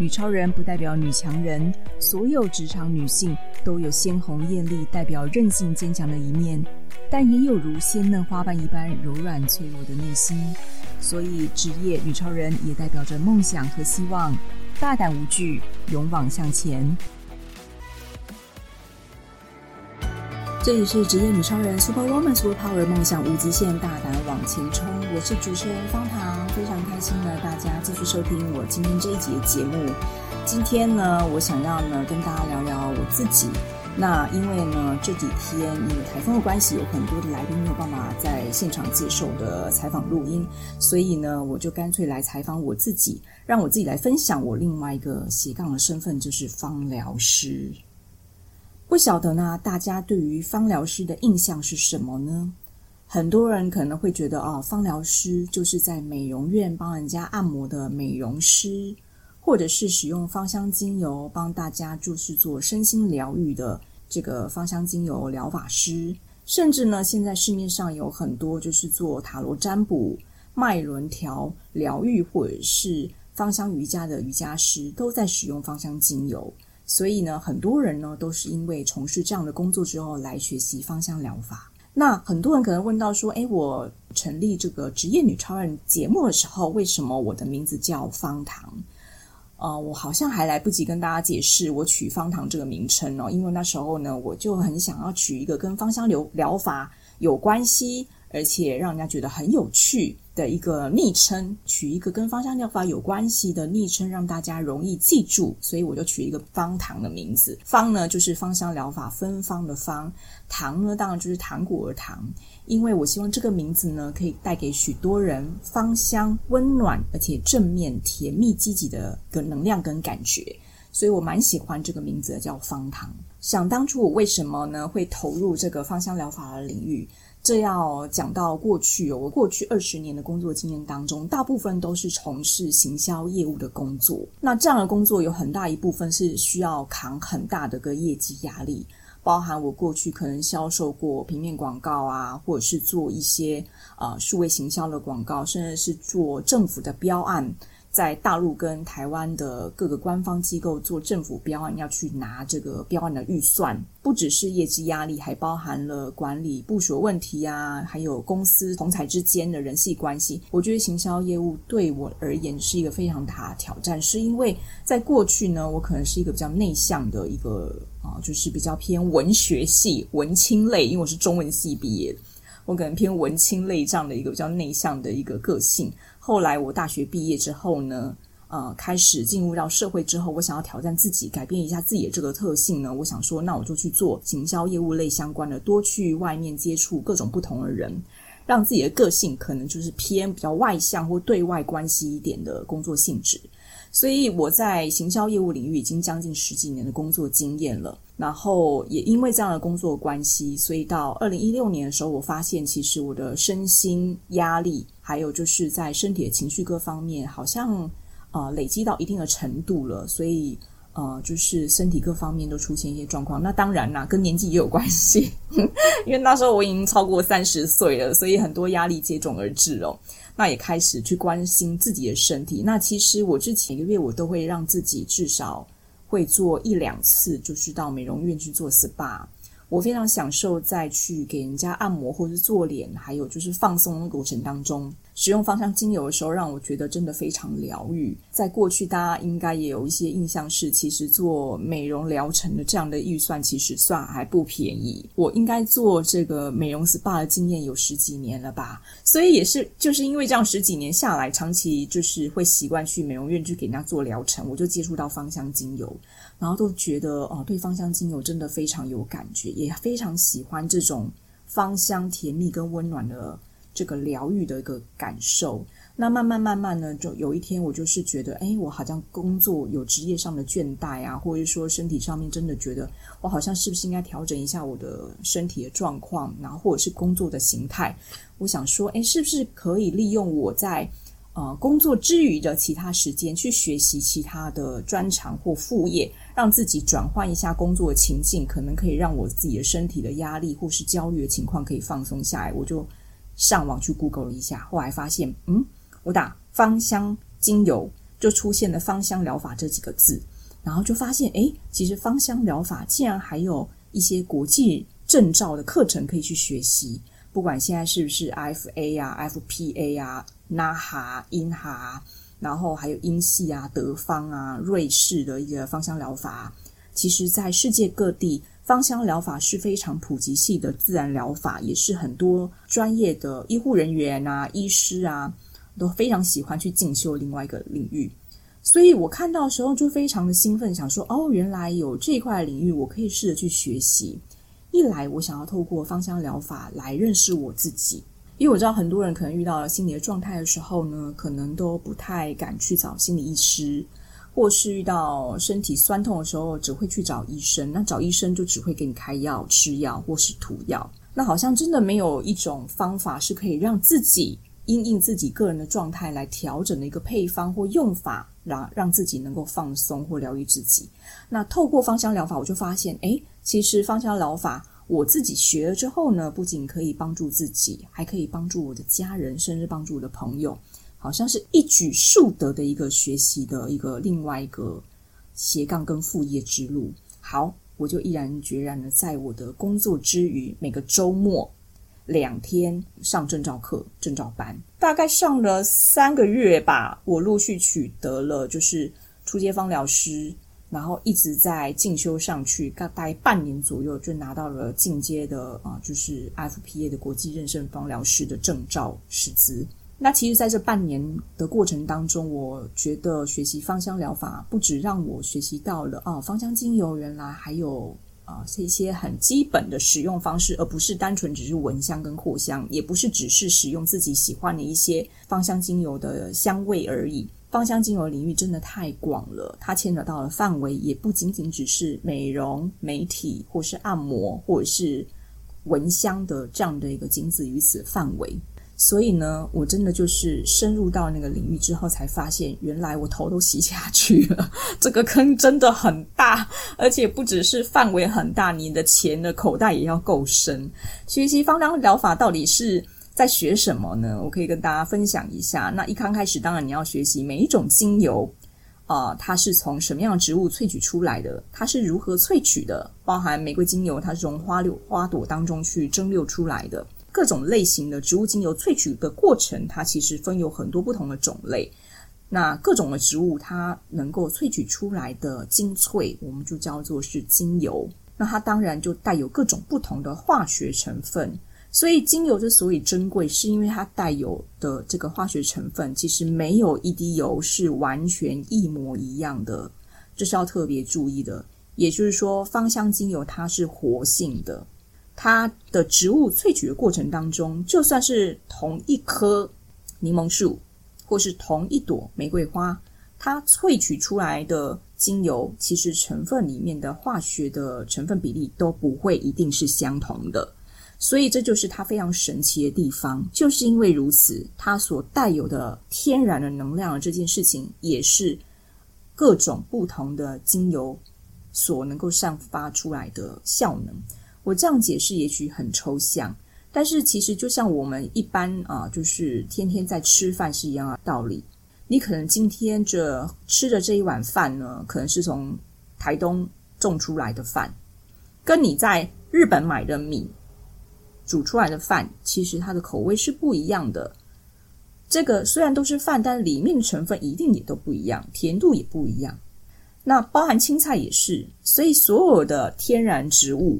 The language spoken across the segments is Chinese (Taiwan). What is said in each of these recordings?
女超人不代表女強人，所有職場女性都有鮮紅豔麗代表韌性堅強的一面，但也有如鮮嫩花瓣一般柔軟脆弱的內心。所以，職業女超人也代表着夢想和希望，大膽無懼，勇往向前。這裡是職業女超人 Super Woman Super Power，夢想無極限，大膽往前衝。我是主持人芳糖，非常開心呢，大家繼續收聽我今天這一集的節目。今天呢，我想要呢跟大家聊聊我自己。那因為呢這幾天因為台風的關係，有很多的來賓沒有辦法在現場接受的採訪錄音，所以呢我就乾脆來採訪我自己，讓我自己來分享我另外一個斜槓的身份，就是芳療師。不曉得呢，大家對於芳療師的印象是什麼呢？很多人可能會覺得哦，芳療師就是在美容院幫人家按摩的美容師，或者是使用芳香精油幫大家就是做身心療癒的這個芳香精油療法師。甚至呢，現在市面上有很多就是做塔羅占卜、脈輪調療癒，或者是芳香瑜伽的瑜伽師，都在使用芳香精油。所以呢，很多人呢都是因為從事這樣的工作之後來學習芳香療法。那很多人可能問到說：“哎，我成立這個職業女超人節目的時候，為什麼我的名字叫芳糖？”啊、呃，我好像還來不及跟大家解釋，我取“芳糖”這個名稱哦，因為那時候呢，我就很想要取一個跟芳香療療法有關係，而且讓人家覺得很有趣。的一個昵稱，取一個跟芳香療法有關係的昵稱，讓大家容易記住。所以我就取一個“芳糖”的名字，“芳”呢就是芳香療法芬芳的“芳”，“糖”呢當然就是糖果的“糖”。因為我希望這個名字呢，可以帶給許多人芳香、溫暖，而且正面、甜蜜、積極的一個能量跟感覺。所以我蠻喜歡這個名字叫“芳糖”。想當初我為什麼呢會投入這個芳香療法的領域？這要講到過去，哦，我過去二十年的工作經驗當中，大部分都是從事行銷業務的工作。那這樣的工作有很大一部分是需要扛很大的個業績壓力，包含我過去可能銷售過平面廣告啊，或者是做一些啊、呃、數位行銷的廣告，甚至是做政府的標案。在大陸跟台灣的各個官方機構做政府標案，要去拿這個標案的預算，不只是業績壓力，還包含了管理部署問題啊，還有公司同儕之間的人際關係。我覺得行銷業務對我而言是一個非常大的挑戰，是因為在過去呢，我可能是一個比較內向的一個啊、哦，就是比較偏文學系文青類，因為我是中文系畢業，我可能偏文青類這樣的一個比較內向的一個個性。後來我大學畢業之後呢，呃，開始進入到社會之後，我想要挑戰自己，改變一下自己的這個特性呢。我想說，那我就去做行銷業務類相關的，多去外面接觸各種不同的人，讓自己的個性可能就是偏比較外向或對外關係一點的工作性質。所以我在行銷業務領域已經將近十幾年的工作經驗了。然後也因為這樣的工作的關係，所以到二零一六年的時候，我發現其實我的身心壓力，還有就是在身體的情緒各方面，好像啊、呃、累積到一定的程度了，所以呃，就是身體各方面都出現一些狀況。那當然啦，跟年紀也有關係， 因為那時候我已經超過三十歲了，所以很多壓力接踵而至哦。那也開始去關心自己的身體。那其實我之前一個月，我都會讓自己至少，會做一兩次，就是到美容院去做 SPA。我非常享受在去給人家按摩或者做臉，還有就是放鬆的過程當中。使用芳香精油的時候，讓我覺得真的非常療癒。在過去，大家應該也有一些印象是，其實做美容療程的這樣的預算，其實算還不便宜。我應該做這個美容 SPA 的經驗有十幾年了吧，所以也是就是因為這樣十幾年下來，長期就是會習慣去美容院去給人家做療程，我就接觸到芳香精油，然後都覺得哦，對芳香精油真的非常有感覺，也非常喜歡這種芳香、甜蜜跟溫暖的。這個療癒的一個感受，那慢慢慢慢呢，就有一天我就是覺得，哎，我好像工作有職業上的倦怠啊，或者說身體上面真的覺得，我好像是不是應該調整一下我的身體的狀況，然後或者是工作的形態？我想說，哎，是不是可以利用我在呃工作之餘的其他時間去學習其他的專長或副業，讓自己轉換一下工作的情境，可能可以讓我自己的身體的壓力或是焦慮的情況可以放鬆下來，我就。上網去 Google 了一下，後來發現，嗯，我打“芳香精油”就出現了“芳香療法”這幾個字，然後就發現，哎，其實芳香療法竟然還有一些國際證照的課程可以去學習。不管現在是不是 IFA 啊、IFPA 啊、NAHA、英哈，然後還有英系啊、德方啊、瑞士的一個芳香療法，其實在世界各地。芳香療法是非常普及性的自然療法，也是很多專業的醫護人員啊、醫師啊都非常喜歡去進修另外一個領域。所以我看到的時候就非常的興奮，想說哦，原來有這一塊領域，我可以試着去學習。一來，我想要透過芳香療法來認識我自己，因為我知道很多人可能遇到了心理的狀態的時候呢，可能都不太敢去找心理醫師。或是遇到身體痠痛的時候，只會去找醫生。那找醫生就只會給你開藥、吃藥或是塗藥。那好像真的沒有一種方法是可以讓自己因應自己個人的狀態來調整的一個配方或用法，讓讓自己能夠放鬆或療癒自己。那透過芳香療法，我就發現，誒，其實芳香療法我自己學了之後呢，不僅可以幫助自己，還可以幫助我的家人，甚至幫助我的朋友。好像是一舉數得的一個學習的一個另外一個斜槓跟副業之路。好，我就毅然決然的，在我的工作之餘，每個周末兩天上證照課、證照班，大概上了三個月吧。我陸續取得了就是初階芳療師，然後一直在進修上去，大概半年左右就拿到了進階的啊、呃，就是 IFPA 的國際認證芳療師的證照師資。那其實，在這半年的過程當中，我覺得學習芳香療法，不止讓我學習到了哦，芳香精油原來還有啊，一、哦、這些很基本的使用方式，而不是單純只是聞香跟擴香，也不是只是使用自己喜歡的一些芳香精油的香味而已。芳香精油領域真的太廣了，它牽扯到的範圍也不僅僅只是美容、美體，或是按摩，或者是聞香的這樣的一個僅止於此範圍。所以呢，我真的就是深入到那個領域之後，才發現原來我頭都洗下去了。這個坑真的很大，而且不只是範圍很大，你的錢的口袋也要夠深。學習芳香療法到底是在學什麼呢？我可以跟大家分享一下。那一剛開始，當然你要學習每一種精油啊、呃，它是從什麼樣的植物萃取出來的？它是如何萃取的？包含玫瑰精油，它是從花六花朵當中去蒸餾出來的。各種類型的植物精油萃取的過程，它其實分有很多不同的種類。那各種的植物，它能夠萃取出來的精粹，我們就叫做是精油。那它當然就帶有各種不同的化學成分。所以，精油之所以珍貴，是因為它帶有的這個化學成分，其實沒有一滴油是完全一模一樣的，這是要特別注意的。也就是說，芳香精油它是活性的。它的植物萃取的過程當中，就算是同一棵檸檬樹，或是同一朵玫瑰花，它萃取出來的精油，其實成分裡面的化學的成分比例都不會一定是相同的。所以，這就是它非常神奇的地方。就是因為如此，它所帶有的天然的能量的這件事情，也是各種不同的精油所能夠散發出來的效能。我這樣解釋也許很抽象，但是其實就像我們一般啊，就是天天在吃飯是一樣的道理。你可能今天這吃的這一碗飯呢，可能是從台東種出來的飯，跟你在日本買的米煮出來的飯，其實它的口味是不一樣的。這個雖然都是飯，但裡面的成分一定也都不一樣，甜度也不一樣。那包含青菜也是，所以所有的天然植物。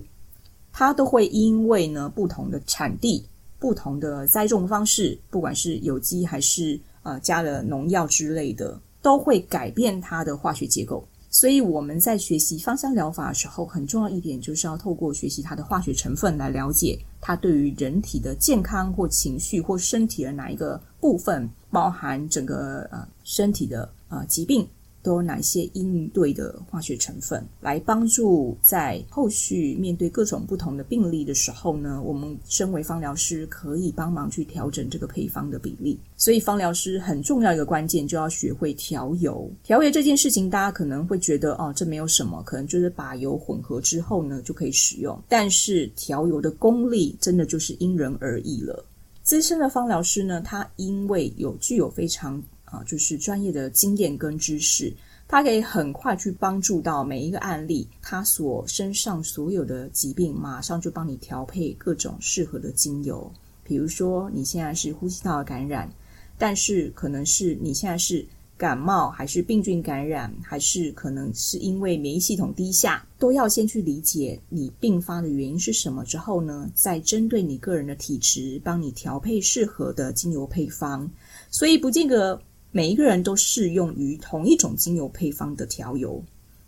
它都會因為呢不同的產地、不同的栽種方式，不管是有機還是呃加了農藥之類的，都會改變它的化學結構。所以我們在學習芳香療法的時候，很重要一點就是要透過學習它的化學成分來了解它對於人體的健康或情緒或身體的哪一個部分，包含整個呃身體的呃疾病。都有哪些應對的化學成分來幫助，在後續面對各種不同的病例的時候呢？我們身為芳療師可以幫忙去調整這個配方的比例，所以芳療師很重要一個關鍵就要學會調油。調油這件事情，大家可能會覺得哦，這沒有什麼，可能就是把油混合之後呢就可以使用。但是調油的功力真的就是因人而異了。資深的芳療師呢，他因為有具有非常啊，就是專業的經驗跟知識，它可以很快去幫助到每一個案例，它所身上所有的疾病，馬上就幫你調配各種適合的精油。比如說你現在是呼吸道的感染，但是可能是你現在是感冒，還是病菌感染，還是可能是因為免疫系統低下，都要先去理解你病發的原因是什麼之後呢，再針對你個人的體質，幫你調配適合的精油配方。所以不見得。每一個人都適用於同一種精油配方的調油，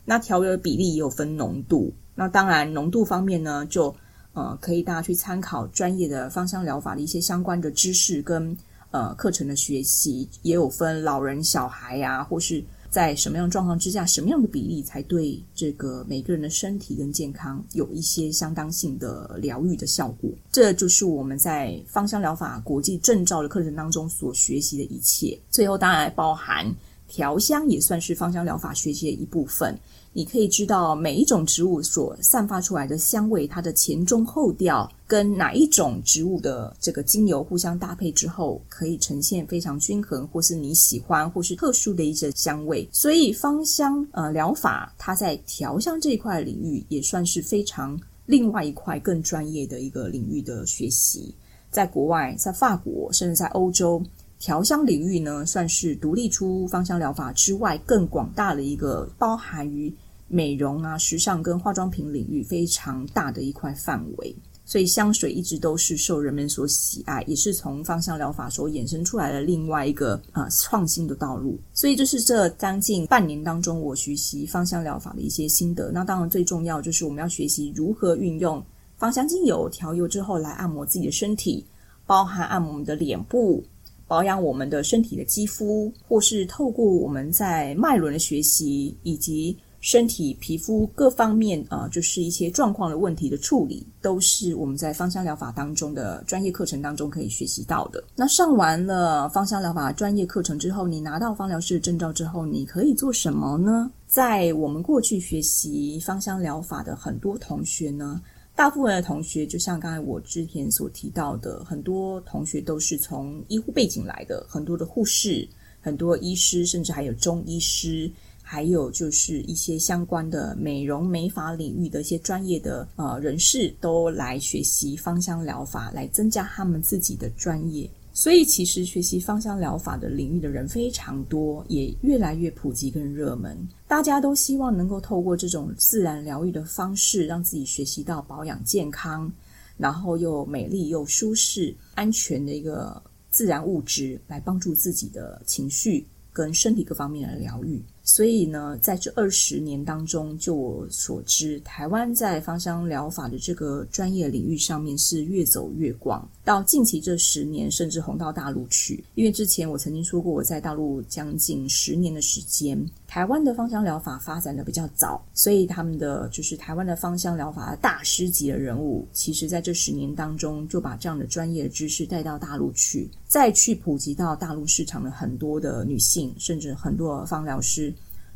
那調油的比例也有分濃度。那當然，濃度方面呢，就呃可以大家去參考專業的芳香療法的一些相關的知識跟呃課程的學習，也有分老人、小孩啊，或是。在什麼樣的狀況之下，什麼樣的比例才對這個每個人的身體跟健康有一些相當性的療癒的效果？這就是我們在芳香療法國際證照的課程當中所學習的一切。最後當然還包含。調香也算是芳香療法學習的一部分。你可以知道每一種植物所散發出來的香味，它的前中後調跟哪一種植物的這個精油互相搭配之後，可以呈現非常均衡，或是你喜歡，或是特殊的一些香味。所以，芳香呃療法，它在調香這一塊領域也算是非常另外一塊更專業的一個領域的學習。在國外，在法國，甚至在歐洲。調香領域呢，算是獨立出芳香療法之外更廣大的一個，包含於美容啊、時尚跟化妝品領域非常大的一塊範圍。所以香水一直都是受人們所喜愛，也是從芳香療法所衍生出來的另外一個啊、呃、創新的道路。所以就是這將近半年當中，我學習芳香療法的一些心得。那當然最重要就是我們要學習如何運用芳香精油調油之後來按摩自己的身體，包含按摩我們的臉部。保養我們的身體的肌膚，或是透過我們在脈輪的學習，以及身體皮膚各方面啊、呃，就是一些狀況的問題的處理，都是我們在芳香療法當中的專業課程當中可以學習到的。那上完了芳香療法專業課程之後，你拿到芳療師的證照之後，你可以做什麼呢？在我們過去學習芳香療法的很多同學呢？大部分的同學，就像剛才我之前所提到的，很多同學都是從醫護背景來的，很多的護士、很多醫師，甚至還有中醫師，還有就是一些相關的美容美髮領域的一些專業的呃人士，都來學習芳香療法，來增加他們自己的專業。所以，其實學習芳香療法的領域的人非常多，也越來越普及跟熱門。大家都希望能夠透過這種自然療癒的方式，讓自己學習到保養健康，然後又美麗又舒適、安全的一個自然物質，來幫助自己的情緒跟身體各方面的療癒。所以呢，在這二十年當中，就我所知，台灣在芳香療法的這個專業領域上面是越走越廣。到近期這十年，甚至紅到大陸去。因為之前我曾經說過，我在大陸將近十年的時間，台灣的芳香療法發展得比較早，所以他們的就是台灣的芳香療法的大師級的人物，其實在這十年當中，就把這樣的專業的知識帶到大陸去，再去普及到大陸市場的很多的女性，甚至很多芳療師。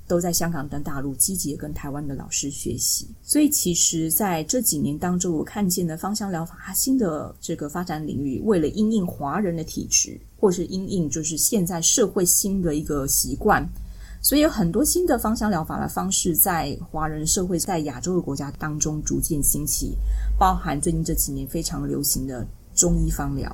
都在香港跟大陸積極地跟台灣的老師學習，所以其實在這幾年當中，我看見的芳香療法它新的這個發展領域，為了因應華人的體質，或是因應就是現在社會新的一個習慣，所以有很多新的芳香療法的方式在華人社會，在亞洲的國家當中逐漸興起，包含最近這幾年非常流行的中醫芳療。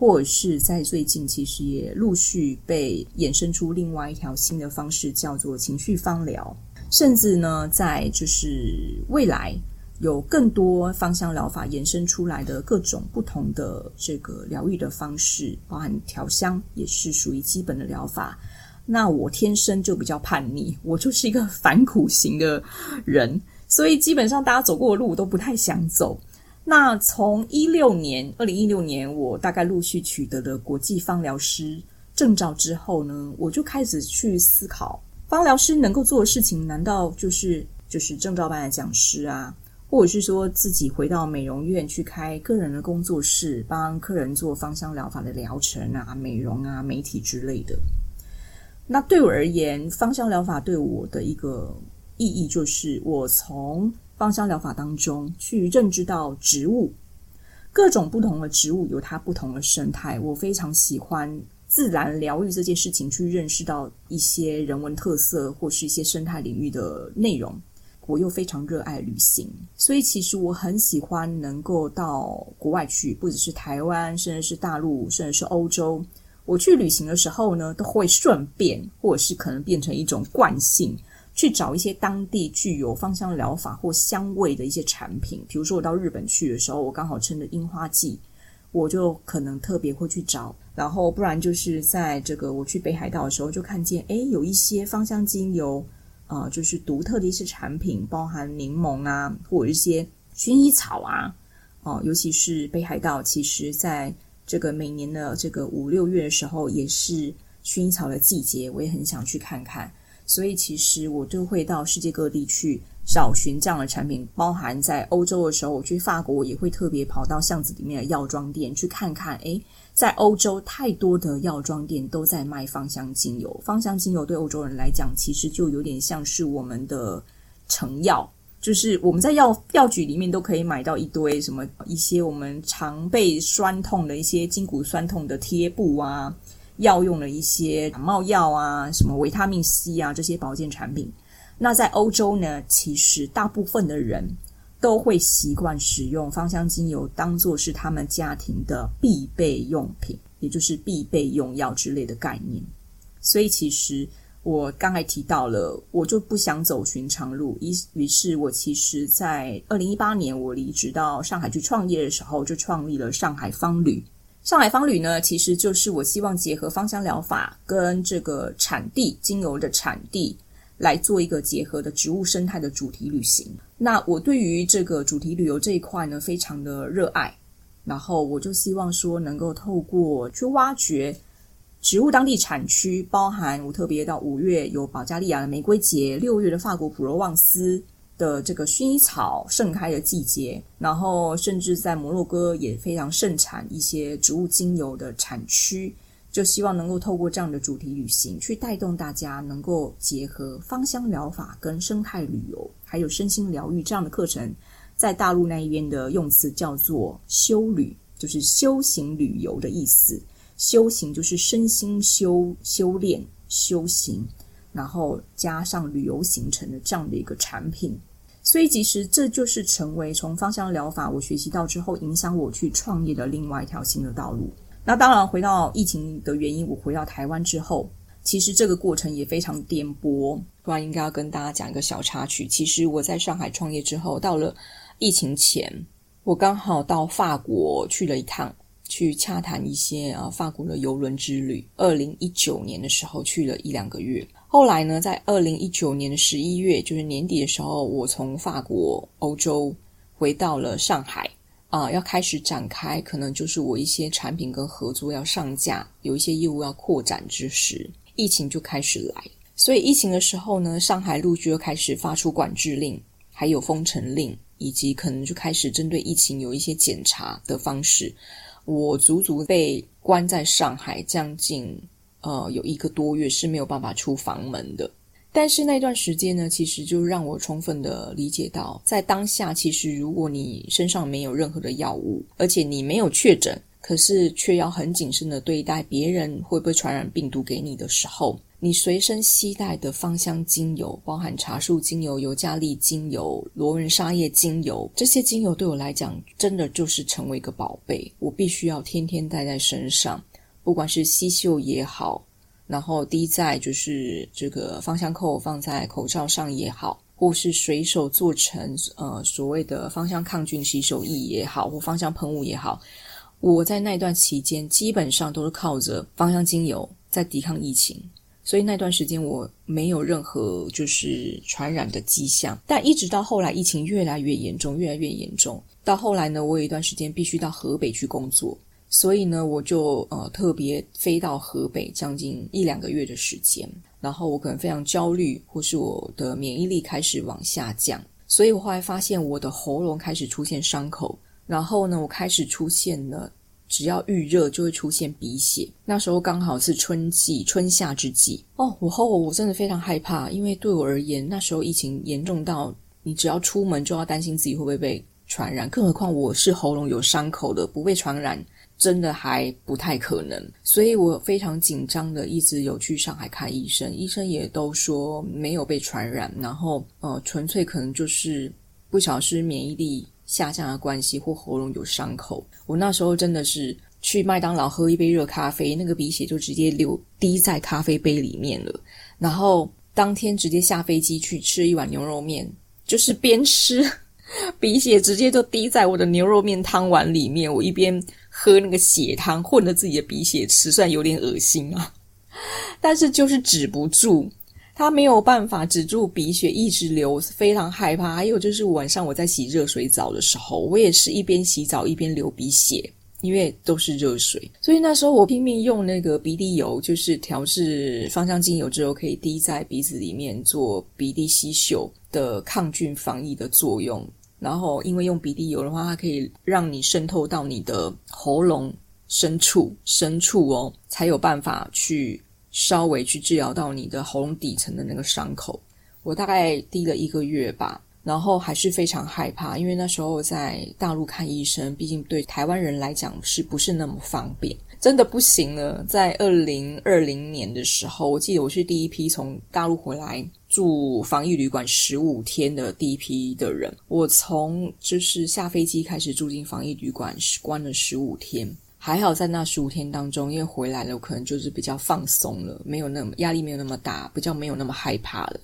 或者是在最近，其實也陸續被衍生出另外一條新的方式，叫做情緒芳療。甚至呢，在就是未來有更多芳香療法衍生出來的各種不同的這個療癒的方式，包含調香也是屬於基本的療法。那我天生就比較叛逆，我就是一個反骨型的人，所以基本上大家走過的路我都不太想走。那從一六年，二零一六年，我大概陸續取得了國際芳療師證照之後呢，我就開始去思考，芳療師能夠做的事情，難道就是就是證照班的講師啊，或者是說自己回到美容院去開個人的工作室，幫客人做芳香療法的療程啊，美容啊，美體之類的。那對我而言，芳香療法對我的一個意義，就是我從芳香療法當中，去認知到植物，各種不同的植物有它不同的生態。我非常喜歡自然療癒這件事情，去認識到一些人文特色或是一些生態領域的內容。我又非常熱愛旅行，所以其實我很喜歡能夠到國外去，不只是台灣，甚至是大陸，甚至是歐洲。我去旅行的時候呢，都會順便，或者是可能變成一種慣性。去找一些當地具有芳香療法或香味的一些產品，比如說我到日本去的時候，我剛好趁着櫻花季，我就可能特別會去找。然後不然就是在這個我去北海道的時候，就看見哎有一些芳香精油啊、呃，就是獨特的一些產品，包含檸檬啊或者一些薰衣草啊。哦、呃，尤其是北海道，其實在這個每年的這個五六月的時候，也是薰衣草的季節，我也很想去看看。所以其實我就會到世界各地去找尋這樣的產品，包含在歐洲的時候，我去法國，我也會特別跑到巷子裡面的藥妝店去看看。誒，在歐洲，太多的藥妝店都在賣芳香精油，芳香精油對歐洲人來講，其實就有點像是我們的成藥，就是我們在藥藥局裡面都可以買到一堆什麼一些我們常備痠痛的一些筋骨痠痛的貼布啊。藥用了一些感冒藥啊，什麼維他命 C 啊，這些保健產品。那在歐洲呢，其實大部分的人都會習慣使用芳香精油，當做是他們家庭的必備用品，也就是必備用藥之類的概念。所以，其實我剛才提到了，我就不想走尋常路，於於是我其實在2018，在二零一八年我離職到上海去創業的時候，就創立了上海芳旅。上海芳旅呢，其實就是我希望結合芳香療法跟這個產地精油的產地來做一個結合的植物生態的主題旅行。那我對於這個主題旅遊這一塊呢，非常的熱愛，然後我就希望說能夠透過去挖掘植物當地產區，包含我特別到五月有保加利亞的玫瑰節，六月的法國普羅旺斯。的這個薰衣草盛開的季節，然後甚至在摩洛哥也非常盛產一些植物精油的產區，就希望能夠透過這樣的主題旅行，去帶動大家能夠結合芳香療法跟生態旅遊，還有身心療癒這樣的課程。在大陸那一邊的用詞叫做“修旅”，就是修行旅遊的意思。修行就是身心修修煉修行，然後加上旅遊形成的這樣的一個產品。所以，其實這就是成為從芳香療法我學習到之後，影響我去創業的另外一條新的道路。那當然，回到疫情的原因，我回到台灣之後，其實這個過程也非常顛簸。不然應該要跟大家講一個小插曲。其實我在上海創業之後，到了疫情前，我剛好到法國去了一趟，去洽談一些啊法國的遊輪之旅。二零一九年的時候，去了一兩個月。後來呢，在二零一九年的十一月，就是年底的時候，我從法國、歐洲回到了上海啊、呃，要開始展開，可能就是我一些產品跟合作要上架，有一些業務要擴展之時，疫情就開始來。所以疫情的時候呢，上海陸續又開始發出管制令，還有封城令，以及可能就開始針對疫情有一些檢查的方式。我足足被關在上海將近，呃，有一個多月是沒有辦法出房門的。但是那段時間呢，其實就讓我充分的理解到，在當下，其實如果你身上沒有任何的藥物，而且你沒有確診，可是卻要很謹慎的對待別人會不會傳染病毒給你的時候，你隨身攜帶的芳香精油，包含茶樹精油、尤加利精油、羅文莎葉精油，這些精油對我來講，真的就是成為一個寶貝，我必須要天天帶在身上。不管是吸嗅也好，然後滴在就是這個芳香扣放在口罩上也好，或是隨手做成呃所謂的芳香抗菌洗手液也好，或芳香噴霧也好，我在那段期間基本上都是靠着芳香精油在抵抗疫情，所以那段時間我沒有任何就是傳染的跡象。但一直到後來疫情越來越嚴重，越來越嚴重，到後來呢，我有一段時間必須到河北去工作。所以呢，我就呃特別飛到河北，將近一兩個月的時間。然後我可能非常焦慮，或是我的免疫力開始往下降。所以我後來發現，我的喉嚨開始出現傷口。然後呢，我開始出現了，只要遇熱就會出現鼻血。那時候剛好是春季，春夏之際。哦，我後來我真的非常害怕，因為對我而言，那時候疫情嚴重到你只要出門就要擔心自己會不會被傳染。更何況我是喉嚨有傷口的，不被傳染。真的還不太可能，所以我非常緊張的一直有去上海看醫生，醫生也都說沒有被傳染，然後呃，純粹可能就是不小心免疫力下降的關係或喉嚨有傷口。我那時候真的是去麥當勞喝一杯熱咖啡，那個鼻血就直接流滴在咖啡杯杯裡面了，然後當天直接下飛機去吃一碗牛肉麵，就是邊吃鼻血直接就滴在我的牛肉麵湯碗裡面，我一邊。喝那個血湯，混着自己的鼻血吃，算有點噁心啊！但是就是止不住，他沒有辦法止住鼻血一直流，非常害怕。還有就是晚上我在洗熱水澡的時候，我也是一邊洗澡一邊流鼻血，因為都是熱水，所以那時候我拼命用那個鼻滴油，就是調製芳香精油之後可以滴在鼻子裡面，做鼻滴吸嗅的抗菌防疫的作用。然後，因為用鼻滴油的話，它可以讓你滲透到你的喉嚨深處深處哦，才有辦法去稍微去治療到你的喉嚨底層的那個傷口。我大概滴了一個月吧，然後還是非常害怕，因為那時候在大陸看醫生，畢竟對台灣人來講是不是那麼方便？真的不行了。在二零二零年的時候，我記得我是第一批從大陸回來，住防疫旅館十五天的第一批的人，我從就是下飛機開始住進防疫旅館，關了十五天。還好在那十五天當中，因為回來了，我可能就是比較放鬆了，沒有那麼，壓力沒有那麼大，比較沒有那麼害怕了。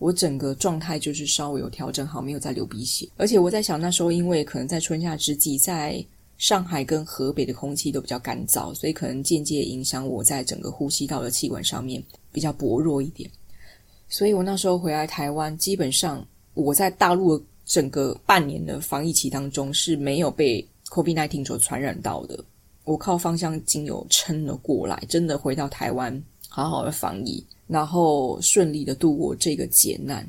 我整個狀態就是稍微有調整好，沒有再流鼻血。而且我在想，那時候因為可能在春夏之際，在上海跟河北的空氣都比較乾燥，所以可能間接影響我在整個呼吸道的氣管上面比較薄弱一點。所以我那時候回來台灣，基本上我在大陸整個半年的防疫期當中是沒有被 COVID-19 所傳染到的。我靠芳香精油撐了過來，真的回到台灣好好的防疫，然後順利的度過這個劫難。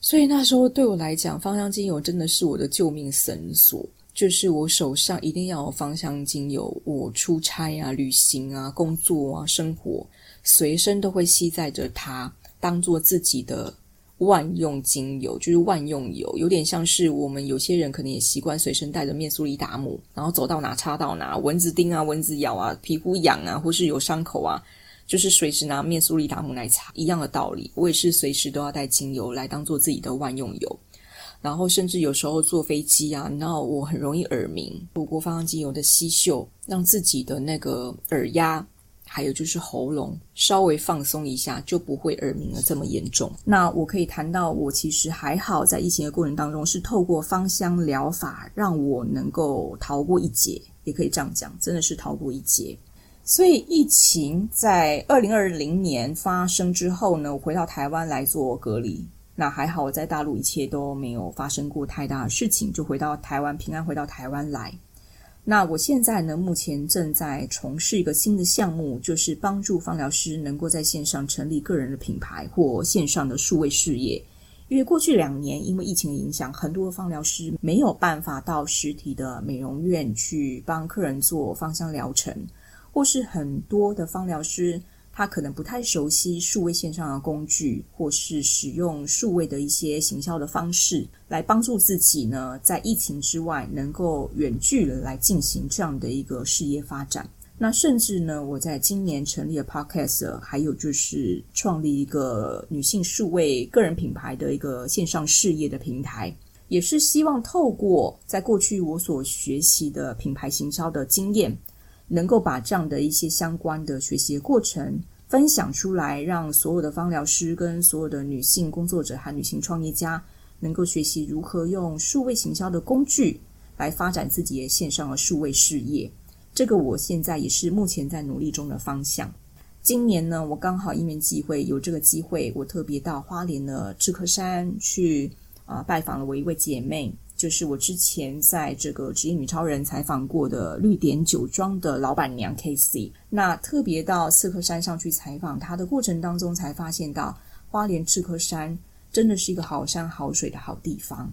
所以那時候對我來講，芳香精油真的是我的救命繩索，就是我手上一定要有芳香精油。我出差啊、旅行啊、工作啊、生活，隨身都會攜帶着它。當做自己的萬用精油，就是萬用油，有點像是我們有些人可能也習慣隨身帶着面蘇力達姆，然後走到哪擦到哪，蚊子叮啊，蚊子咬啊，皮膚癢啊，或是有傷口啊，就是隨時拿面蘇力達姆來擦，一樣的道理。我也是隨時都要帶精油來當做自己的萬用油，然後甚至有時候坐飛機啊，那我很容易耳鳴，如果芳香精油的吸嗅，讓自己的那個耳壓。還有就是喉嚨稍微放鬆一下，就不會耳鳴得這麼嚴重。那我可以談到，我其實還好，在疫情的過程當中，是透過芳香療法讓我能夠逃過一劫，也可以這樣講，真的是逃過一劫。所以疫情在二零二零年發生之後呢，我回到台灣來做隔離，那還好我在大陸一切都沒有發生過太大的事情，就回到台灣平安回到台灣來。那我現在呢，目前正在從事一個新的項目，就是幫助芳療師能夠在線上成立個人的品牌或線上的數位事業。因為過去兩年，因為疫情的影響，很多的芳療師沒有辦法到實體的美容院去幫客人做芳香療程，或是很多的芳療師。他可能不太熟悉數位線上的工具，或是使用數位的一些行銷的方式來幫助自己呢，在疫情之外能夠遠距離來進行這樣的一個事業發展。那甚至呢，我在今年成立了 Podcast，還有就是創立一個女性數位個人品牌的一個線上事業的平台，也是希望透過在過去我所學習的品牌行銷的經驗。能夠把這樣的一些相關的學習的過程分享出來，讓所有的芳療師跟所有的女性工作者和女性創業家能夠學習如何用數位行銷的工具來發展自己的線上和數位事業。這個我現在也是目前在努力中的方向。今年呢，我剛好因緣際會有這個機會，我特別到花蓮的赤科山去啊、呃、拜訪了我一位姐妹。就是我之前在這個《職業女超人》採訪過的綠點酒莊的老板娘 KC。那特別到赤科山上去採訪她的過程當中，才發現到花蓮赤科山真的是一個好山好水的好地方。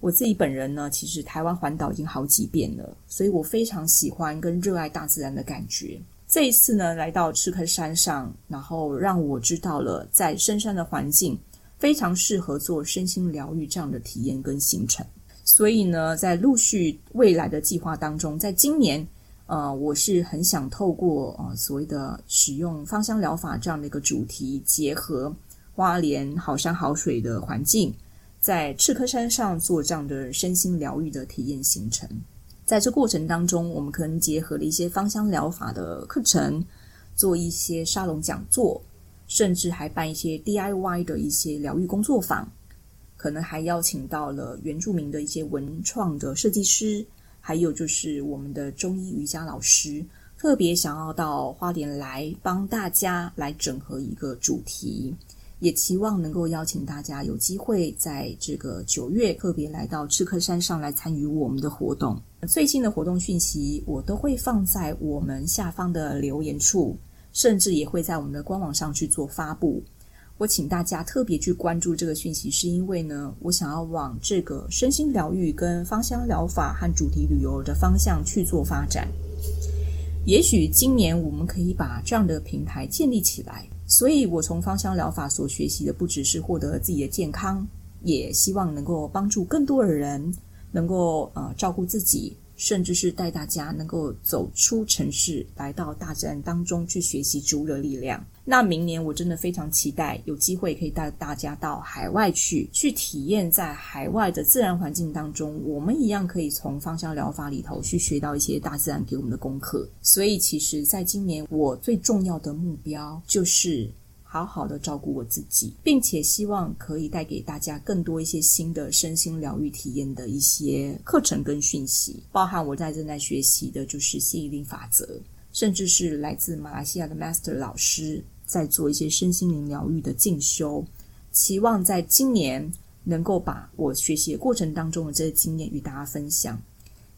我自己本人呢，其實台灣環島已經好幾遍了，所以我非常喜歡跟熱愛大自然的感覺。這一次呢，來到赤科山上，然後讓我知道了在深山的環境非常適合做身心療癒這樣的體驗跟行程。所以呢，在陸續未來的計劃當中，在今年，呃，我是很想透過呃所謂的使用芳香療法這樣的一個主題，結合花蓮好山好水的環境，在赤科山上做這樣的身心療癒的體驗行程。在這過程當中，我們可能結合了一些芳香療法的課程，做一些沙龍講座，甚至還辦一些 DIY 的一些療癒工作坊。可能還邀請到了原住民的一些文創的設計師，還有就是我們的中醫瑜伽老師，特別想要到花蓮來幫大家來整合一個主題，也期望能夠邀請大家有機會在這個九月特別來到赤科山上來參與我們的活動。最近的活動訊息我都會放在我們下方的留言處，甚至也會在我們的官網上去做發布。我請大家特別去關注這個訊息，是因為呢，我想要往這個身心療癒、跟芳香療法和主題旅遊的方向去做發展。也許今年我們可以把這樣的平台建立起來。所以我從芳香療法所學習的，不只是獲得自己的健康，也希望能夠幫助更多的人能夠呃照顧自己。甚至是帶大家能夠走出城市，來到大自然當中去學習植物的力量。那明年我真的非常期待有機會可以帶大家到海外去，去體驗在海外的自然環境當中，我們一樣可以從芳香療法裡頭去學到一些大自然給我們的功課。所以，其實，在今年我最重要的目標就是好好的照顧我自己，並且希望可以帶給大家更多一些新的身心療癒體驗的一些課程跟訊息，包含我在正在學習的就是吸引力法則，甚至是來自馬來西亞的 Master 老師在做一些身心靈療癒的進修，期望在今年能夠把我學習的過程當中的這些經驗與大家分享。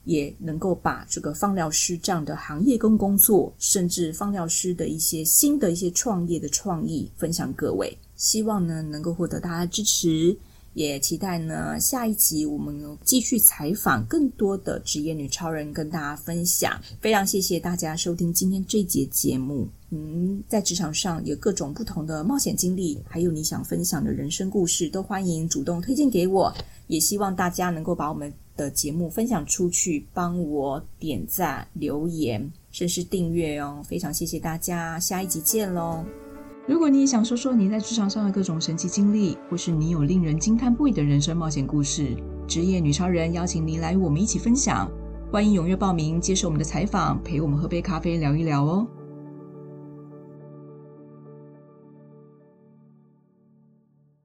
也能夠把這個芳療師這樣的行業跟工作，甚至芳療師的一些新的一些創業的創意分享各位。希望呢能夠獲得大家支持，也期待呢下一集我們繼續採訪更多的職業女超人，跟大家分享。非常謝謝大家收聽今天這節節目。嗯，在職場上有各種不同的冒險經歷，還有你想分享的人生故事，都歡迎主動推薦給我。也希望大家能夠把我們。的節目分享出去，幫我點讚、留言，甚至是訂閱哦，非常謝謝大家，下一集見嘍！如果你也想說說你在職場上的各種神奇經歷，或是你有令人驚嘆不已的人生冒險故事，職業女超人邀請您來與我們一起分享，歡迎踴躍報名接受我們的採訪，陪我們喝杯咖啡聊一聊哦。